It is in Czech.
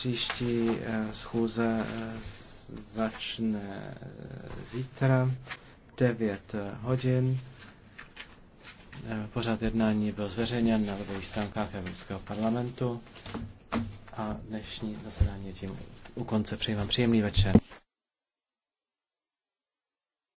Příští eh, schůze eh, začne eh, zítra 9 hodin. Pořád jednání byl zveřejněn na webových stránkách Evropského parlamentu a dnešní zasedání tím u konce. Přeji vám příjemný večer.